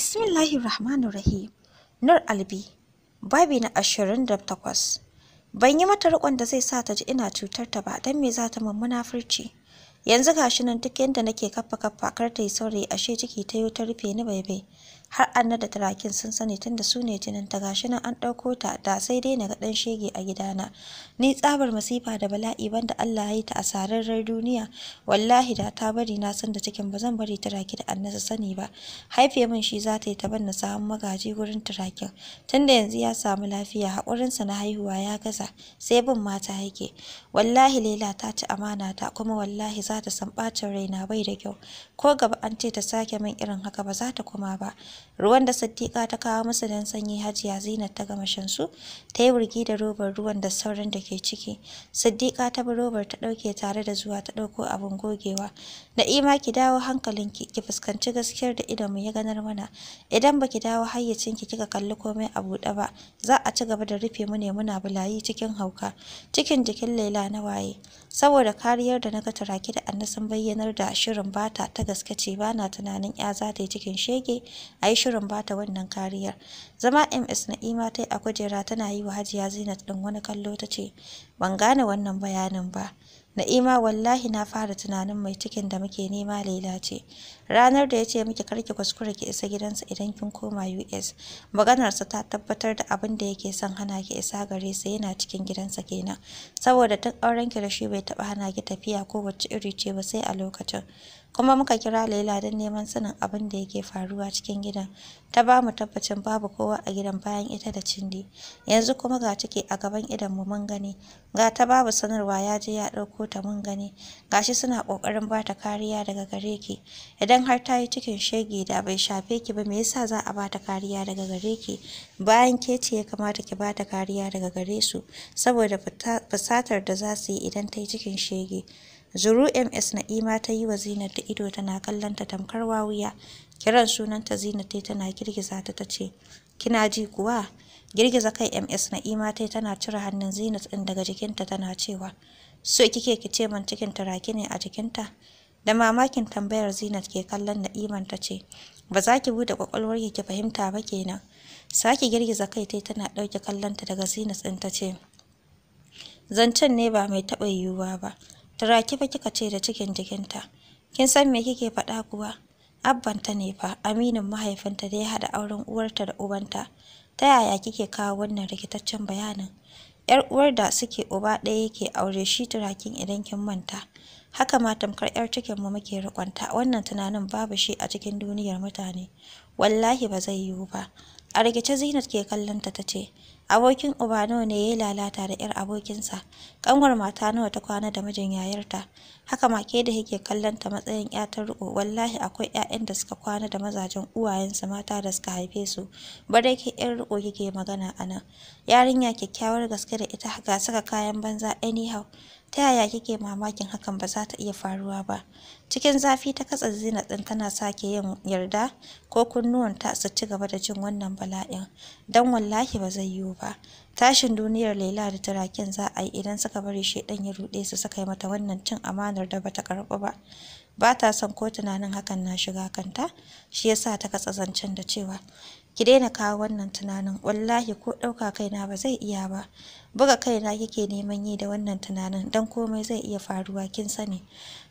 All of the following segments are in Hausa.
Bismillahir Rahmanir Rahim. Nur Albi, babi na 28. Ban yi mata rikon da zai sa ta ji ina cutar ta ba dan me za ta mummuna furci. Yanzu gashi nan duk yanda nake kaffa kaffa kar ta yi saurayi ashe ciki ta yi ta rufe ni bai bai. har anna da turakin sun sani tunda su ne jinin ta gashi nan an ɗauko ta da sai dai naga ga ɗan shege a gidana ni tsabar masifa da bala'i banda Allah ya yi ta a sararrar duniya wallahi da ta bari na san da cikin ba zan bari turaki da annasa sani ba haife min shi za ta yi ta bar na samu magaji gurin turakin tunda yanzu ya samu lafiya haƙurinsa na haihuwa ya gaza sai bin mata yake wallahi Laila ta ci amana ta kuma wallahi za ta san ɓacin raina bai da kyau ko gaba an ce ta sake min irin haka ba za ta kuma ba ruwan da Siddiƙa ta kawo musu don sanyi Hajiya Zainab ta gama shan su ta yi wurgi da robar ruwan da sauran da ke ciki sadiqa ta bi robar ta ɗauke tare da zuwa ta ɗauko abin gogewa Na'ima ki dawo hankalinki ki fuskanci gaskiyar da idonmu ya ganar mana. Idan baki dawo hayyacinki kika kalli komai a buɗe ba, za a ci gaba da rufe mu ne muna bulayi cikin hauka. Cikin jikin Laila na waye. Saboda kariyar da na ga taraki da Anna sun bayyanar da shirin bata ta gaske ce ba na tunanin ya za ta yi cikin shege ayi shirin bata wannan kariyar. Zama MS Na'ima ta yi a kujera tana yi wa Hajiya Zainat din wani kallo tace ban gane wannan bayanin ba. Na'ima wallahi na fara tunanin mai cikin da muke nema Laila ce. Ranar da ya ce miki karki kuskure ki isa gidansa idan kin koma US. Maganarsa ta tabbatar da abin da yake son hana ki isa gare sa yana cikin gidansa kenan. Saboda tun auren ki da shi bai taɓa hana ki tafiya ko wacce iri ce ba sai a lokacin. kuma muka kira Laila don neman sanin abin da yake faruwa cikin gidan. Ta ba mu tabbacin babu kowa a gidan bayan ita da Cindi. Yanzu kuma ga take a gaban idan mu mun gani. Ga ta babu sanarwa ya je ya ɗauko ta mun gani. Gashi suna ƙoƙarin ba ta kariya daga gare ki. Idan har ta yi cikin shege da bai shafe ki ba me yasa za a ba ta kariya daga gare ki? Bayan ke ce ya kamata ki ba ta kariya daga gare su saboda fusatar da za su yi idan ta yi cikin shege. Zuru MS Na'ima ta yi wa Zinat da ido tana kallon ta tamkar wawuya. Kiran sunanta Zinat ta tana girgiza ta tace. Kina ji kuwa? Girgiza kai MS Na'ima ta tana cire hannun Zinat ɗin daga jikinta tana cewa, So kike ki ce man cikin turaki ne a jikinta? Da mamakin tambayar Zinat ke kallon Na'iman ta ce, Ba za ki bude kwakwalwar ki fahimta ba kenan. Saki girgiza kai ta tana ɗauke kallonta daga Zinat ɗin ta ce, Zancen ne ba mai taɓa yiwuwa ba. turaki ba kika ce da cikin jikinta kin san me kike faɗa kuwa abbanta ne fa aminin mahaifinta da ya haɗa auren uwarta da ubanta ta yaya kike kawo wannan rikitaccen bayanin yar uwar da suke uba ɗaya yake aure shi turakin idan kin manta haka ma tamkar yar cikin mu muke rikonta wannan tunanin babu shi a cikin duniyar mutane wallahi ba zai yiwu ba a rikice zinat ke kallonta ta ce abokin uba nawa ne ya lalata da yar abokinsa ƙanwar mata nawa ta kwana da mijin yayarta haka ma ke da yake kallonta matsayin ya ta riko wallahi akwai ƴaƴan da suka kwana da mazajen uwayensu mata da suka haife su bare ke yar riko kike magana anan yarinya kyakkyawar gaske da ita ga saka kayan banza anyhow ta yaya kike mamakin hakan ba za ta iya faruwa ba cikin zafi ta katsa zina ɗin tana sake yin yarda ko kunnuwan ta su ci gaba da jin wannan bala'in don wallahi ba zai yiwu ba tashin duniyar laila da turakin za a yi idan suka bari shaidan ya ruɗe su suka yi mata wannan cin amanar da bata karɓu ba ba ta son ko tunanin hakan na shiga kanta shi yasa ta katsa zancen da cewa ki daina kawo wannan tunanin wallahi ko ɗauka kaina ba zai iya ba buga kaina kike neman yi da wannan tunanin dan komai zai iya faruwa kin sani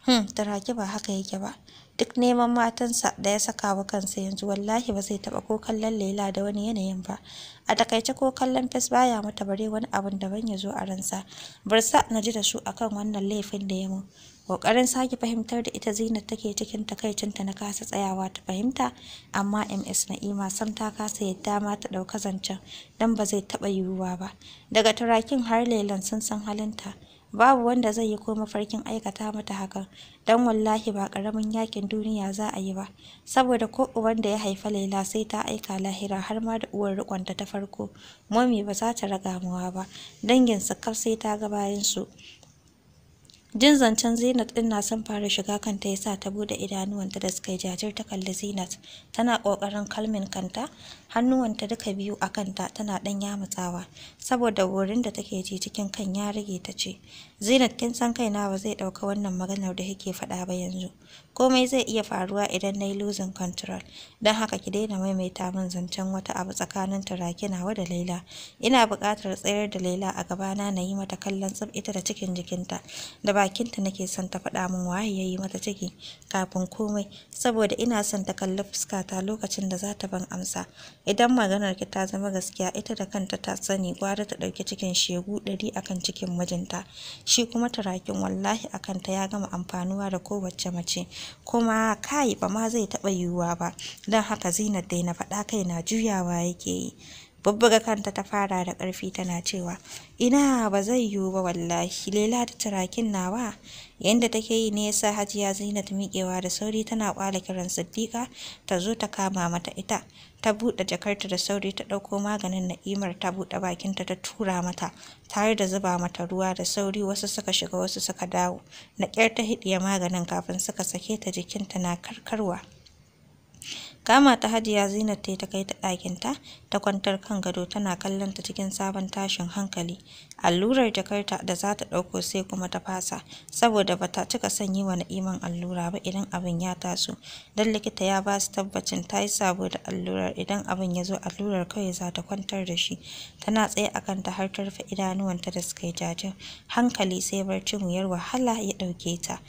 hmm taraki ba haka yake ba duk neman matansa da ya saka wa kansa yanzu wallahi ba zai taba ko kallon Laila da wani yanayin ba a takaice ko kallon fes baya mata bare wani abun daban ya zo a ransa barsa na ji da su akan wannan laifin da ya mun Ƙoƙarin sake fahimtar da ita Zinat take cikin takaicinta na kasa tsayawa ta fahimta, amma MS Na'ima sam ta kasa yadda ma ta ɗauka zancen don ba zai taɓa yiwuwa ba. Daga turakin har lelan sun san halinta. babu wanda zai yi ko mafarkin aikata mata hakan don wallahi ba ƙaramin yakin duniya za a yi ba saboda ko uban da ya haifa laila sai ta aika lahira har ma da uwar rikonta ta farko momi ba za ta ragamuwa ba dangin su kaf sai ta ga bayan su Jin zancen Zinat ɗin na son fara shiga kanta ya sa ta buɗe idanuwanta da suka yi jajir ta kalli Zinat. Tana ƙoƙarin kalmin kanta, hannuwanta duka biyu a kanta tana ɗan yamutsawa saboda wurin da take ji cikin kan ya rage ta ce zinat kin san kaina ba zai ɗauka wannan maganar da kike faɗa ba yanzu komai zai iya faruwa idan nayi yi losing control don haka ki daina maimaita min zancen wata abu tsakanin turaki da laila ina buƙatar tsayar da laila a gabana na yi mata kallon tsib ita da cikin jikinta da bakinta nake son ta faɗa min waye ya yi mata ciki kafin komai saboda ina son ta kalli fuskata lokacin da za ta ban amsa idan maganar ki ta zama gaskiya ita da kanta ta sani gwara ta ɗauki cikin shegu ɗari akan cikin mijinta shi kuma tarakin wallahi akan ta ya gama amfanuwa da kowace mace kuma kai ba ma zai taɓa yiwuwa ba don haka zinat dai na faɗa kai na juyawa yake yi bubbuga kanta ta fara da ƙarfi tana cewa ina ba zai yiwu ba wallahi lela ta tarakin nawa yadda take yi ne yasa hajiya ta miƙewa da sauri tana kwala kiran siddiƙa ta zo ta kama mata ita ta buɗe jakarta da sauri ta ɗauko maganin na'imar ta buɗe bakinta ta tura mata tare da zuba mata ruwa da sauri wasu suka shiga wasu suka dawo na ƙyar ta hiɗiye maganin kafin suka sake ta jikinta na karkarwa Kama ta Hajiya Zainab ta kai ta ɗakinta, ta kwantar kan gado tana kallon ta cikin sabon tashin hankali. Allurar jakarta da za ta ɗauko sai kuma ta fasa, saboda ba ta cika son yi wa Na'iman allura ba idan abin ya taso, don likita ya ba su tabbacin ta yi sabo da allurar idan abin ya zo allurar kawai za ta kwantar da shi. Tana tsaye a kanta har ta rufe idanuwanta da suka yi jajin hankali sai barcin wuyar wahala ya ɗauke ta.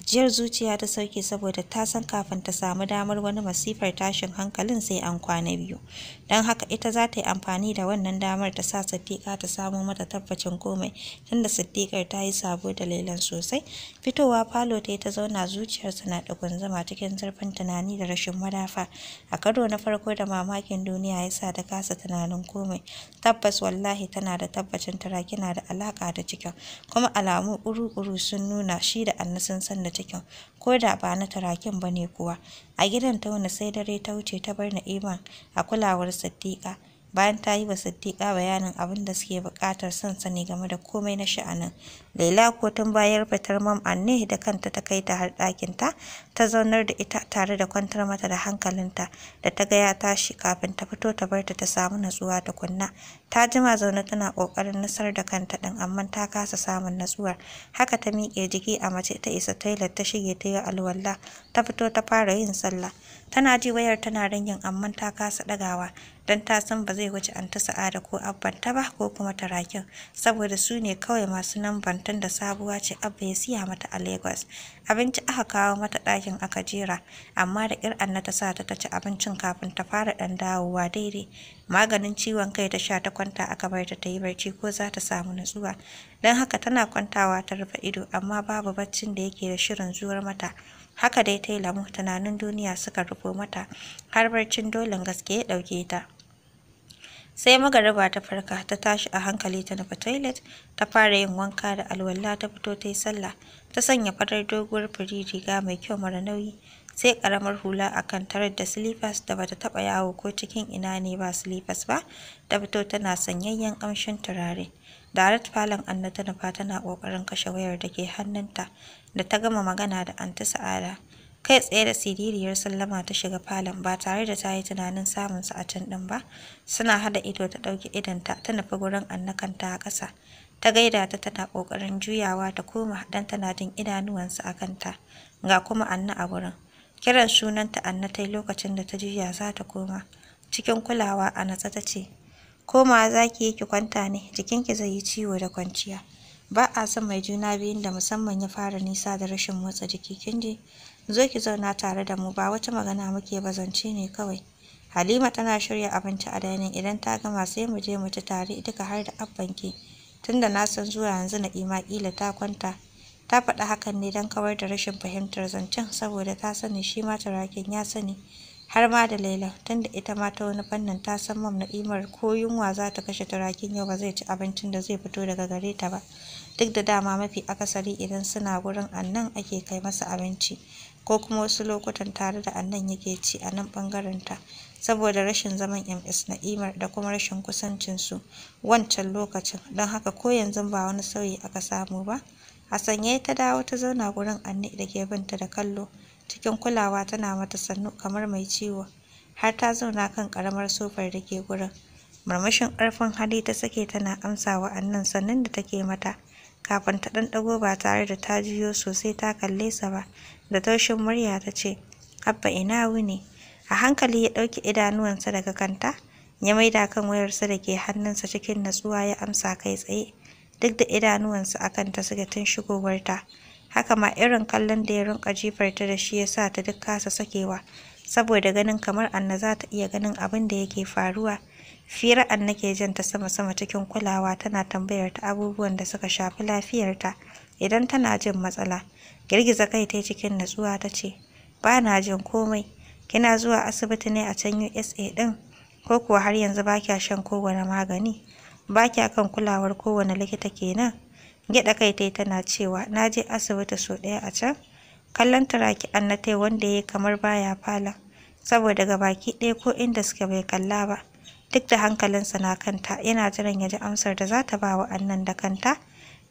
ajiyar zuciya ta sauke saboda ta san kafin ta samu damar wani masifar tashin hankalin sai an kwana biyu don haka ita za ta yi amfani da wannan damar ta sa siddiƙa ta samo mata tabbacin komai tunda siddiƙar ta yi sabo da lailan sosai fitowa falo ta yi ta zauna zuciyarsa na da zama cikin zurfin tunani da rashin madafa a karo na farko da mamakin duniya ya sa ta kasa tunanin komai tabbas wallahi tana da tabbacin tara kina da alaƙa da cikin kuma alamu ƙuru-ƙuru sun nuna shi da annasin san da cikin ko da ba na tarakin ba ne kuwa a gidan tauna sai dare ta wuce ta bar iman a kulawar siddiƙa bayan ta yi wa siddiƙa bayanin abin da suke buƙatar son sani game da komai na sha'anin Laila ko tun bayar fitar mam Anne da kanta ta kai ta har ɗakinta, ta zaunar da ita tare da kwantar mata da hankalinta da ta gaya tashi kafin ta fito ta bar ta ta samu natsuwa kunna Ta jima zaune tana ƙoƙarin nasar da kanta ɗin amma ta kasa samun natsuwar. Haka ta miƙe jiki a mace ta isa taila ta shige ta yi alwala ta fito ta fara yin sallah. Tana ji wayar tana ringin amma ta kasa ɗagawa don ta san ba zai wuce Anta Sa'ada ko ta ba ko kuma Tarakin saboda su ne kawai masu nan namban da sabuwa ce abba ya siya mata a Lagos. Abinci aka kawo mata ɗakin aka jera, amma da ƙir Anna ta sa ta ta ci abincin kafin ta fara ɗan dawowa daidai. Maganin ciwon kai ta sha ta kwanta aka bar ta ta yi barci ko za ta samu nutsuwa. Don haka tana kwantawa ta rufe ido amma babu baccin da yake da shirin zuwar mata. Haka dai ta yi lamu tunanin duniya suka rufo mata har barcin dolin gaske ya ɗauke ta. sai magariba ta farka ta tashi a hankali ta nufi toilet ta fara yin wanka da alwala ta fito ta yi sallah ta sanya farar doguwar fari riga mai kyau mara nauyi sai karamar hula a kan tarar da silifas da bata taba yawo ko cikin ina ne ba silifas ba ta fito tana sanyayyen kamshin turare Darat falon Anna ta nufa tana kokarin kashe wayar da ke hannunta da ta gama magana da anti Sa'ada kai tsaye da siririyar sallama ta shiga falon ba tare da ta yi tunanin samun sa a can din ba suna hada ido ta dauki idanta ta nufi gurin annakanta a kasa. ta gaida ta tana ƙoƙarin juyawa ta koma dan tana jin idanuwansa a kanta ga kuma Anna a wurin kiran sunanta Anna ta yi lokacin da ta juya za ta koma cikin kulawa a natsa ta ce komawa za ki yi ki kwanta ne jikinki zai yi ciwo da kwanciya ba a son mai juna biyun da musamman ya fara nisa da rashin motsa jiki kin ji zo ki zauna tare da mu ba wata magana muke ba zance ne kawai Halima tana shirya abinci a dainin idan ta gama sai mu je mu ci tare duka har da abbanki. tunda na san zuwa yanzu Na'ima ƙila ta kwanta. Ta faɗi hakan ne don kawar da rashin fahimtar zancen saboda ta sani shi ma turakin ya sani. Har ma da Laila, tunda ita ma ta wani fannin ta san mam na imar ko yunwa za ta kashe turakin yau ba zai ci abincin da zai fito daga gare ta ba. Duk da dama mafi akasari idan suna gurin annan ake kai masa abinci. ko kuma wasu lokutan tare da annan yake ci a nan ɓangarenta saboda rashin zaman ms na'imar da kuma rashin kusancinsu wancan lokacin don haka ko yanzu ba wani sauyi aka samu ba a sanye ta dawo ta zauna gurin anne da ke binta da kallo cikin kulawa tana mata sannu kamar mai ciwo har ta zauna kan karamar sofar da ke gurin murmushin ƙarfin hali ta sake tana amsawa annan sannan da take mata kafin ta ɗanɗago ba tare da ta jiyo sosai ta kalle sa ba da taushin murya ta ce abba ina wuni a hankali ya ɗauki idanuwansa daga kanta ya maida kan wayarsa da ke hannunsa cikin natsuwa ya amsa kai tsaye duk da idanuwansa a kanta suka tun shigowarta haka ma irin kallon da ya rinka jifarta da shi ya sa ta duk kasa sakewa saboda ganin kamar anna zata ta iya ganin abin da yake faruwa Fira'an nake jin ta sama-sama cikin kulawa tana tambayar ta abubuwan da suka shafi lafiyarta idan tana jin matsala. Girgiza kai ta cikin natsuwa ta ce, Ba na jin komai, kina zuwa asibiti ne a can USA ɗin, ko kuwa har yanzu ba kya shan kowane magani, ba kya kan kulawar kowane likita kenan. Gyaɗa kai ta tana cewa, Na je asibiti sau ɗaya a can, kallon turaki annatai wanda ya kamar baya fala, saboda ga baki ɗaya ko inda suka bai kalla ba. duk da hankalinsa na kanta yana jiran ya ji amsar da za ta ba wa annan da kanta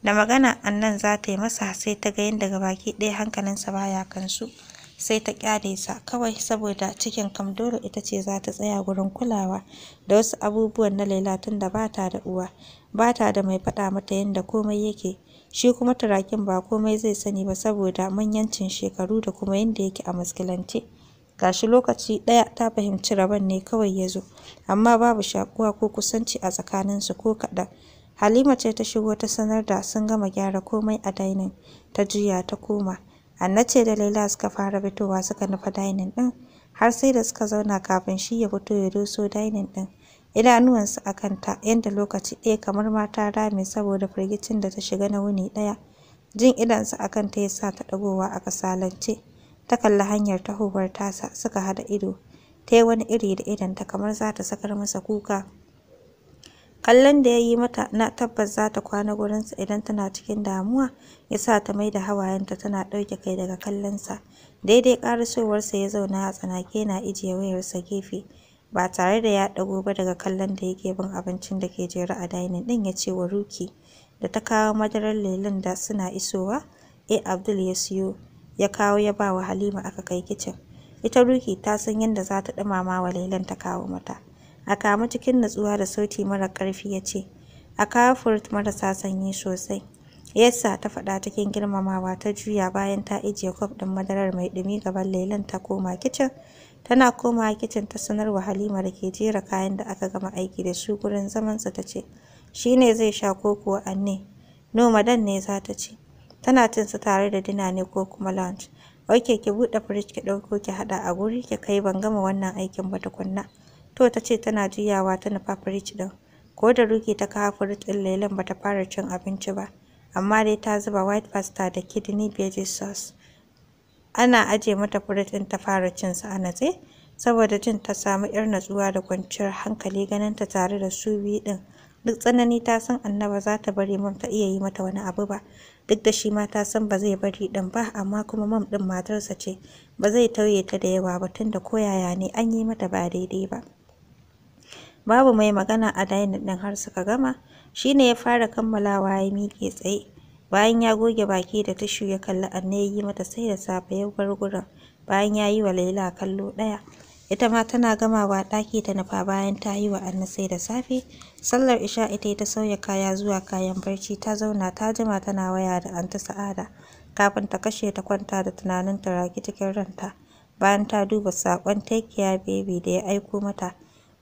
da magana annan za ta yi masa sai ta ga yin daga baki ɗaya hankalinsa baya kansu sai ta kyale sa kawai saboda cikin kam dole ita ce za ta tsaya gurin kulawa da wasu abubuwan na laila tun da bata da uwa bata da mai faɗa mata yadda komai yake shi kuma turakin ba komai zai sani ba saboda manyancin shekaru da kuma yadda yake a muskilance gashi lokaci ɗaya ta fahimci rabon ne kawai ya zo amma babu shakuwa ko kusanci a tsakaninsu ko kaɗan halima ce ta shigo ta sanar da sun gama gyara komai a dainin ta juya ta koma anna da laila suka fara fitowa suka nufa dainin ɗin har sai da suka zauna kafin shi ya fito ya doso dainin ɗin idanuwansu a kanta yadda lokaci ɗaya kamar mata rame saboda firgicin da ta shiga na wuni ɗaya jin idansa a kanta ya sa ta ɗagowa aka salance. ta kalli hanyar tahowar tasa suka hada ido ta yi wani iri da idanta kamar za ta sakar masa kuka kallon da ya yi mata na tabbas za ta kwana gurinsa idan tana cikin damuwa ya sa ta mai da hawayenta tana ɗauke kai daga kallonsa daidai ƙarasowarsa ya zauna a tsanake na ijiye wayarsa gefe ba tare da ya ɗago ba daga kallon da yake bin abincin da ke jere a dainin ɗin ya ce wa ruki da ta kawo madarar lelun da suna isowa a eh, abdul ya siyo ya kawo ya ba wa Halima aka kai kicin. Ita ruki ta san yadda za ta ɗumama wa Lailan ta kawo mata. A kama cikin natsuwa da sauti mara karfi ya ce, A kawo furut marasa sanyi sosai. Yasa ta faɗa cikin girmamawa ta juya bayan ta ijiye kwaf ɗin madarar mai ɗumi gaban Lailan ta koma kicin. Tana koma kicin ta sanar wa Halima da ke jera kayan da aka gama aiki da su gurin zamansa ta ce, Shi ne zai sha ko kuwa anne. No, madan ne za ta ce. tana cin su tare da dina ne ko kuma lunch oke ki buɗe fridge ki ɗauko ki haɗa a guri ki kai ban gama wannan aikin ba tukunna to ta ce tana juyawa ta nufa fridge ɗin ko da ruki ta kawo fridge ɗin lailan bata fara cin abinci ba amma dai ta zuba white pasta da kidney veggie sauce ana aje mata fridge ɗin ta fara cin su a natse saboda jin ta samu yar natsuwa da kwanciyar hankali ganin ta tare da su biyu ɗin duk tsanani ta san annaba za ta bari mun ta iya yi mata wani abu ba duk da shi ma ta san ba zai bari ɗin ba amma kuma mam ɗin matarsa ce ba zai tauye ta da yawa ba tunda koyaya ne an yi mata ba daidai ba babu mai magana a dainin ɗin har suka gama shi ne ya fara kammalawa ya miƙe tsaye bayan ya goge baki da tishu ya kalli anne ya yi mata sai da safe ya bar gurin bayan ya yi wa laila kallo ɗaya ita ma tana gamawa ɗaki ta nufa bayan ta yi wa annasai sai da safe sallar isha ita ta sauya kaya zuwa kayan barci ta zauna ta jima tana waya da anta sa'ada kafin ta kashe ta kwanta da tunanin ta raki cikin ranta bayan ta duba saƙon take baby da ya aiko mata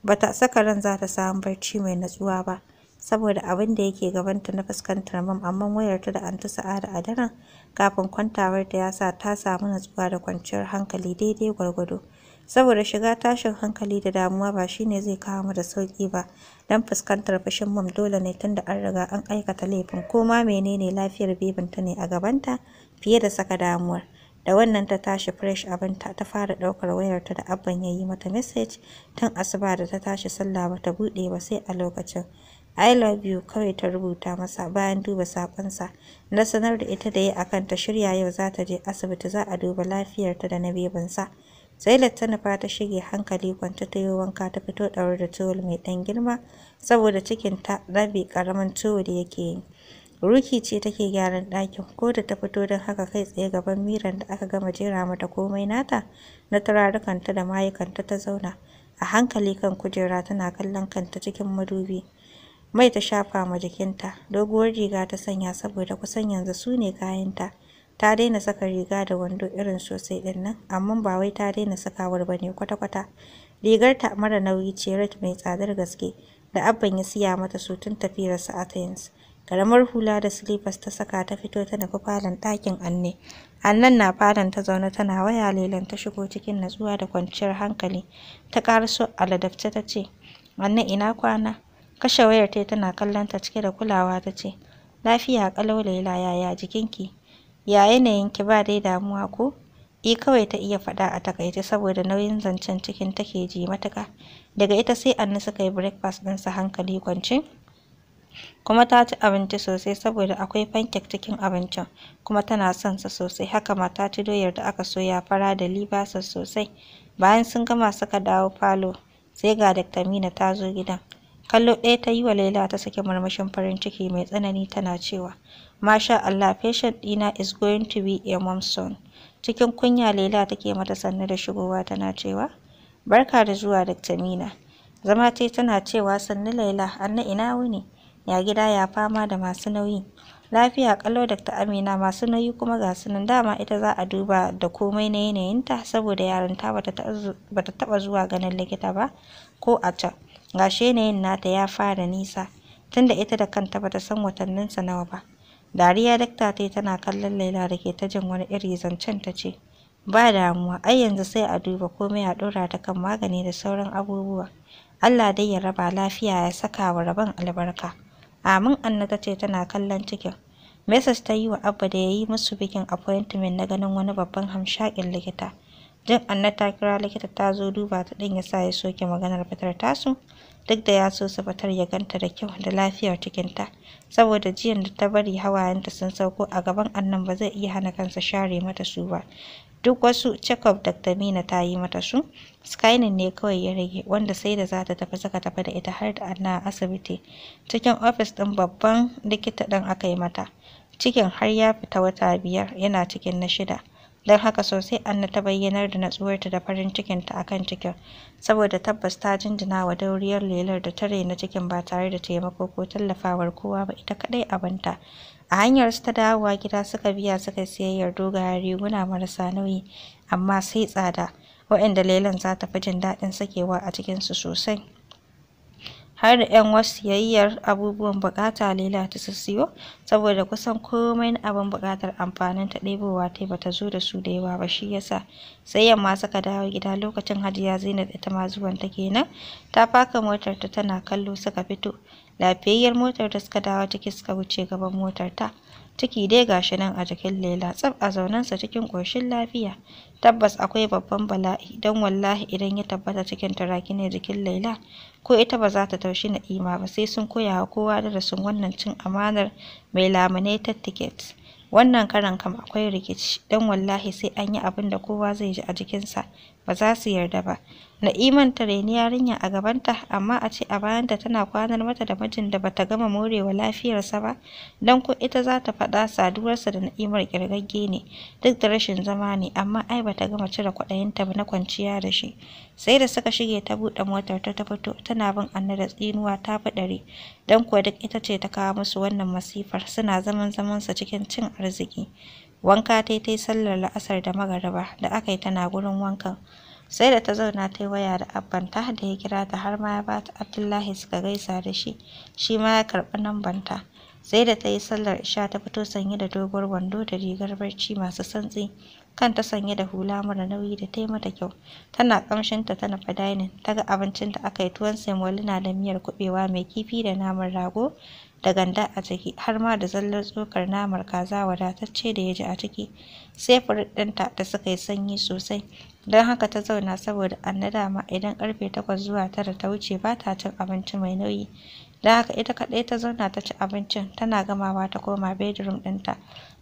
bata saka ran za ta samu barci mai natsuwa ba saboda abin da yake gabanta na fuskantar mam amma wayar ta da anta sa'ada a daren kafin kwantawarta ya sa ta samu natsuwa da kwanciyar hankali daidai gwargwado saboda shiga tashin hankali da damuwa ba shine zai kawo mu da sauki ba don fuskantar fashin mom dole ne tunda an riga an aikata laifin ko ma menene lafiyar bibinta ne a gabanta fiye da saka damuwar da wannan ta tashi fresh abinta ta fara daukar wayarta da abban yayi mata message tun asuba da ta tashi sallah ba ta bude ba sai a lokacin I love you kawai ta rubuta masa bayan duba sakonsa na sanar da ita da ya akan ta shirya yau za ta je asibiti za a duba lafiyarta da na bibinsa. Sailat ta nufa ta shige hankali kwanta ta yi wanka ta fito ɗaure da tuwul mai ɗan girma saboda cikin ta rabe ƙaramin tuwo yake yi. Ruki ce take gyaran ɗakin ko da ta fito don haka kai tsaye gaban miran da aka gama jera mata komai nata na turarukanta da mayukanta ta zauna a hankali kan kujera tana kallon kanta cikin madubi. Mai ta shafa ma jikinta doguwar riga ta sanya saboda kusan yanzu su ne kayanta. ta daina saka riga da wando irin sosai din nan amma ba wai ta daina sakawar ba ne kwata-kwata Rigar ta mara nauyi ce red mai tsadar gaske da abban ya siya mata su tun tafiyarsa athens karamar hula da slippers ta saka ta fito ta nufi falon ɗakin anne annan na falon ta zaune tana waya lelan ta shigo cikin natsuwa da kwanciyar hankali ta karso a ladabce ta ce anne ina kwana kashe wayar ta tana kallon ta cike da kulawa ta ce lafiya ƙalau laila yaya jikinki ya ki ba dai damuwa ko i e, kawai ta iya faɗa a takaice saboda nauyin zancen cikin take ji matuka daga ita sai annu suka yi breakfast sa hankali kwance kuma ta ci abinci sosai saboda akwai pancake cikin abincin kuma tana son sa sosai haka ma ta ci doyar da aka soya fara da liba sosai bayan sun gama suka dawo falo sai ga Dr. Mina ta zo gidan kallo ɗaya ta yi wa laila ta saki murmushin farin ciki mai tsanani tana cewa masha allah patient ɗina is going to be a mom soon cikin kunya laila take mata sannu da shigowa tana cewa barka da zuwa dr mina zama tai tana cewa sannu laila anna ina wuni ya gida ya fama da masu nauyi lafiya kallo Dr. Amina masu nauyi kuma ga sunan dama ita za a duba da komai na yanayinta saboda yarinta bata taɓa zuwa ganin likita ba ko a can Gashi yanayin nata ya fara nisa, tunda ita da kanta bata san watanninsa nawa ba. Dariya dakta ta yi tana kallon Laila da ke ta jin wani iri zancen ta ce, Ba damuwa, ai yanzu sai a duba komai a ɗora ta kan magani da sauran abubuwa. Allah dai ya raba lafiya ya saka wa rabon albarka. Amin Anna ta ce tana kallon cikin. Message ta yi wa Abba da ya yi musu bikin appointment na ganin wani babban hamshakin likita. Jin Anna ta kira likita ta zo duba ta ɗin ya sa ya soke maganar fitar tasu duk da ya so sabatar ya ganta da kyau da lafiyar cikinta saboda jiyan da ta bari hawayenta sun sauko a gaban annan ba zai iya hana kansa share mata su ba duk wasu check da Tamina Mina ta yi mata su scanning ne kawai ya rage wanda sai da za ta tafi saka tafi da ita har da anna asibiti cikin ofis ɗin babban likita ɗin aka yi mata cikin har ya fita wata biyar yana cikin na shida don haka sosai Anna ta bayyanar da natsuwarta da farin cikinta a kan cikin, saboda tabbas ta jinjina wa dauriyar lelar da ta raina cikin ba tare da taimako ko tallafawar kowa ba ita kaɗai abinta. A hanyar su ta dawowa gida suka biya suka siyayyar dogayen riguna marasa nauyi, amma sai tsada, waɗanda lelan za ta fi jin daɗin sakewa a cikinsu sosai. har da 'yan wasu siyayyar abubuwan bukata Laila ta sassiyo saboda kusan komai na abin bukatar amfanin ta ɗebowa ta bata zo da su da yawa ba shi yasa sai yamma suka dawo gida lokacin Hajiya Zainab ita ma zuwan ta kenan ta faka motar ta tana kallo suka fito lafiyayyar motar da suka dawo ciki suka wuce gaban motar ta ciki dai gashi nan a jikin lela tsaf a sa cikin ƙoshin lafiya tabbas akwai babban bala'i don wallahi idan ya tabbata cikin turaki ne jikin laila ko ita ba za ta taushi na ima ba sai sun koya wa kowa darasin wannan cin amanar mai laminated ticket wannan karan kam akwai rikici don wallahi sai an yi abin da kowa zai ji a jikinsa ba za su yarda ba na'iman ta reni yarinya a gabanta amma a ce a bayanta tana kwanar mata da mijin da bata gama morewa lafiyarsa ba dan ko ita za ta faɗa saduwarsa da na'imar kirgagge ne duk da rashin zama ne amma ai bata gama cire kwaɗayinta ba na kwanciya da shi sai da suka shige ta buɗe motar ta ta fito tana bin anna da tsinuwa ta fi ɗari dan kuwa duk ita ce ta kawo musu wannan masifar suna zaman zamansa cikin cin arziki wanka ta yi sallar la'asar da magariba da aka yi tana gurin wanka. sai da ta zauna ta yi waya da abbanta da ya kira ta har ma ya ba ta abdullahi suka gaisa da shi shi ma ya karɓi lambanta sai da ta yi sallar isha ta fito sanye da doguwar wando da rigar barci masu santsi kanta sanye da hula mara nauyi da ta yi mata kyau tana kamshin ta tana fadainin ta ga abincin da aka yi tuwon semolina da miyar kubewa mai kifi da naman rago da ganda a ciki har ma da zallar tsokar namar kaza wadatacce da ya ji a ciki sai furit ɗinta da suka yi sanyi sosai don haka ta zauna saboda ma idan karfe takwas zuwa tara ta wuce ba ta cin abinci mai nauyi da haka ita kaɗai ta zauna ta ci abincin, tana gamawa ta koma bedroom ɗinta.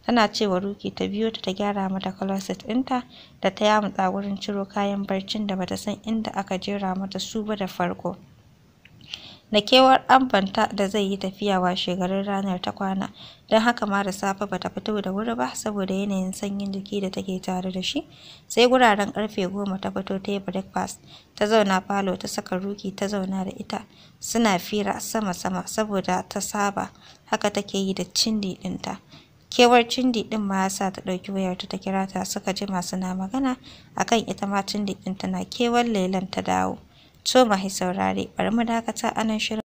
Tana cewa Ruki ta biyo ta ta gyara mata closet ɗinta da ta yamutsa wurin ciro kayan barcin da bata san inda aka jera mata su ba da farko. da kewar amfanta da zai yi tafiya washegarin ranar ta kwana, don haka ma da safe ba ta fito da wuri ba saboda yanayin sanyin jiki da take tare da shi, sai guraren karfe goma ta fito ta yi breakfast, ta zauna falo ta saka ruki ta zauna da ita, suna fira sama-sama saboda ta saba, haka take yi da cindi ɗinta. Kewar Cindi ɗin ma sa ta ɗauki wayarta ta kira ta suka jima suna magana akan ita ma Cindi ɗinta na kewar Lailan ta dawo. To mai saurare, bari mu dakata a nan shirin.